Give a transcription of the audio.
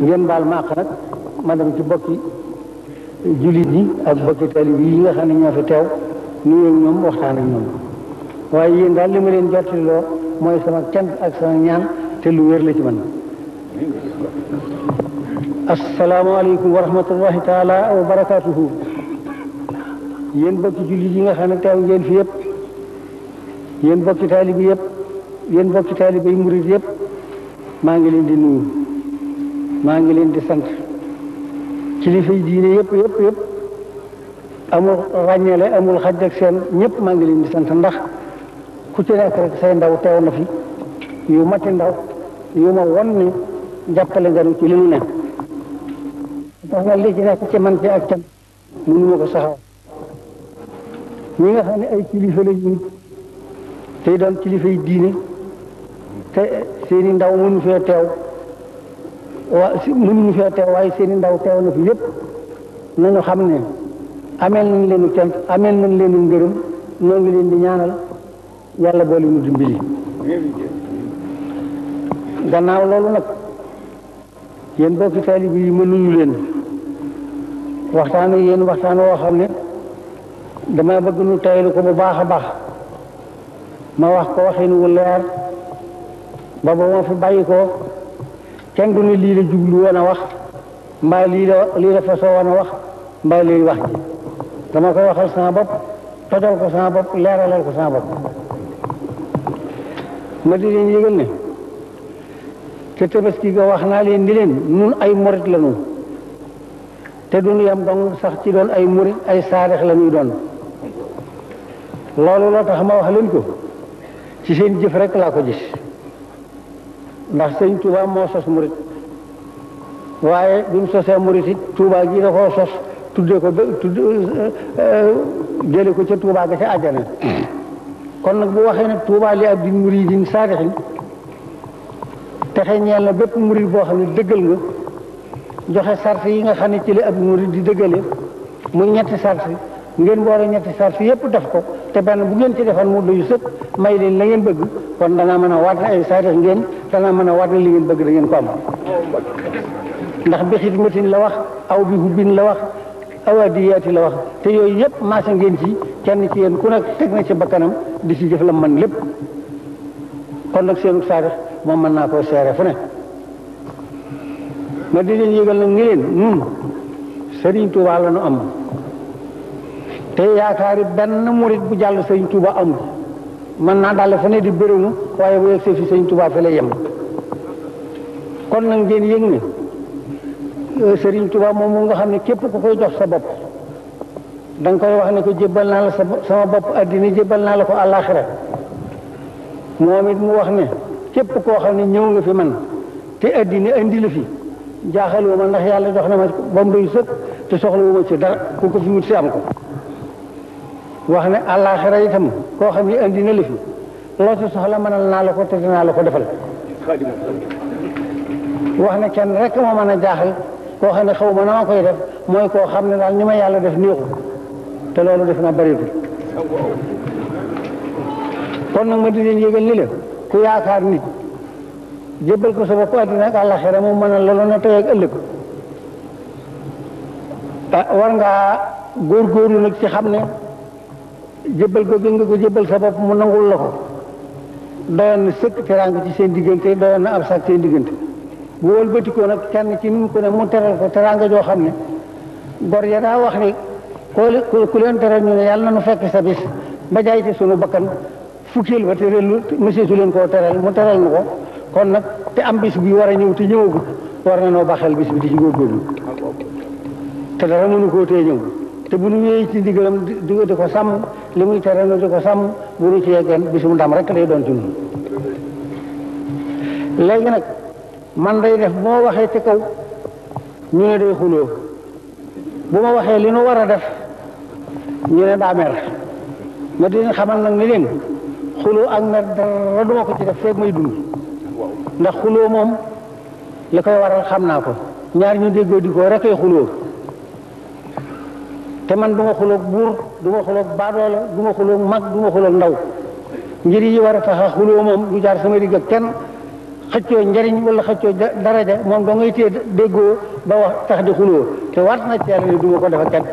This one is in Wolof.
ngeen baal ma àq nag ma dem ci bokki jullit yi ak bokki talib yi nga xam ne ñoo fi teew nuyoo ñoom waxtaan ñoom waaye yéen daal li ma leen jottali mooy sama cant ak sama ñaan te lu wér la ci man asalaamaaleykum wa rahmatullahi taala wa barakaatuhu yéen bokki jullit yi nga xam ne teew ngeen fi yëpp yéen bokki taalibi yëpp yéen bokki taalibi yi murit yëpp maa ngi leen di nuyu maa ngi leen di sant kilifa yi diine yépp yëpp yëpp amul ràññale amul xaj ak seen ñëpp maa ngi leen di sant ndax ku ci nekk rek say ndaw teew na fi yu mati ndaw yu ma won ni jàppale nga ci li mu ne na li ci ko saxaw ñi nga xam ne ay kilifa la tey doon kilifa yi diine te seeni ndaw mënu fee teew wa mënuñu fee teew waaye seen ndaw teew na fi yépp nañu xam ne ameel nañ leen cant ameel nañ leen ngërëm ñoo ngi leen di ñaanal yàlla boole ñu dimbali gannaaw loolu nag yéen bokki taalib yi mënuñu leen waxtaanu yéen waxtaan woo xam ne dama bëgg nu taylu ko bu baax a baax ma wax ko waxin wu leer ba ba ma fi bàyyi ko kenn du lii la jublu woon a wax mbaa lii la lii la fasoo woon a wax mbaa lii wax ji dama koy waxal sama bopp tojal ko sama bopp leeralal ko sama bopp ma di leen yëgal ne te tabaski ga wax naa leen ni leen nun ay morit la te du ñu yam dong sax ci doon ay murit ay saarix la ñuy doon loolu la tax ma wax leen ko ci seen jëf rek laa ko gis ndax sëñ Touba moo sos murit waaye bi sosee murit it Touba ji da koo sos tuddee ko ba tudd euh, jëlee ko ca Touba ga ca àjjana kon nag bu waxee nag Touba li ab di muridin saadixin texe ñeel na bépp murit boo xam ne dëggal nga joxe sart yi nga xam ne ci li ab murit di dëggale muy ñetti sart ngeen boole ñetti sart yëpp def ko te benn bu ngeen ci defan mu doyu sëpp may leen la ngeen bëgg kon da nga mën a waat ay saadix ngeen. dana mën a war ne li ngeen bëgg da ngeen ko am ndax bi xidmatin la wax aw bi hubbin la wax aw adiyaati la wax te yooyu yëpp maasa ngeen ci kenn ci yéen ku nekk teg na ci bakkanam di ci jëf la man lépp kon nag seenu saadax moom mën naa koo seere fu ne ma di leen yëgal nag ni leen nun Sëriñ Tuuba la nu am te yaakaari benn murit bu jàll Sëriñ Tuuba amul man na dal fa ne di bërëmu waye bu yegsee fi seigne touba fa lay yam kon nak ngeen yeng ni euh, seigne touba moom mu nga xamne kep ku koy jox sa bop dang koy wax ne ko jébbal na la sama bop adina jébbal na la ko alakhira momit mu wax ne kep ko xamne ñew nga fi man te adina andi la fi jaaxaluma ndax yalla jox na ma ba doy sëkk te ma ci dara ku ko fi mu ci am ko wax ne àllaaxira itam koo xam ne andi na la fi loo soxla mënal naa la ko te dinaa la defal wax ne kenn rek moo mën a jaaxal koo xam ne xaw ma na ma koy def mooy koo xam ne daal ni ma yàlla def néexu te loolu def na bëriwul kon nag ma di leen yëgal ni la ku yaakaar nit jébbal ko sa bopp àddina ak àllaxira mu mën a loolu na tey ak ëllëg ah, war ngaa góorgóorlu nag ci xam ne jébbal googu nga ko jébbal sa bopp mu nangul la ko doyoon na sëkk teraanga ci seen diggante doyoon na ab saak seen diggante bu wëlbatikoo nag kenn ci ni ko ne mu teral ko teraanga joo xam ne gor ya daa ni koo ku leen teral ñu ne yàlla na nu sa bis ba jaay ci sunu bakkan fukkeel ba te relu monsieur su leen koo teral mu teral ko kon nag te am bis bi war a ñëw te ñëwagut war na noo baxel bis bi di ci góorgóorlu te dara mënu koo tee ñëw te bu nu wéyee ci ndigalam di ko sàmm li muy tere nu di ko sàmm bu nu ci yeggeen bisu ndam rek lay doon ci ñun léegi nag man day def bu ma waxee ci kaw ñu ne day xuloo bu ma waxee li nu war a def ñu ne daa mer ma di leen xamal nag ni leen xuloo ak mer duma ko ci def feeg may dund ndax xuloo moom li koy waral xam naa ko ñaar ñu déggoo di ko rek ay xuloo te man du ma xuloog buur du ma xuloog baadoola du xuloog mag du ma xuloog ndaw njër yi war a tax a xuloo moom du jaar sama digg ak kenn xëccoo njariñ wala xëccoo daraja moom da ngay téye déggoo ba wax tax di xuloo te waat na ci ni du ko def kenn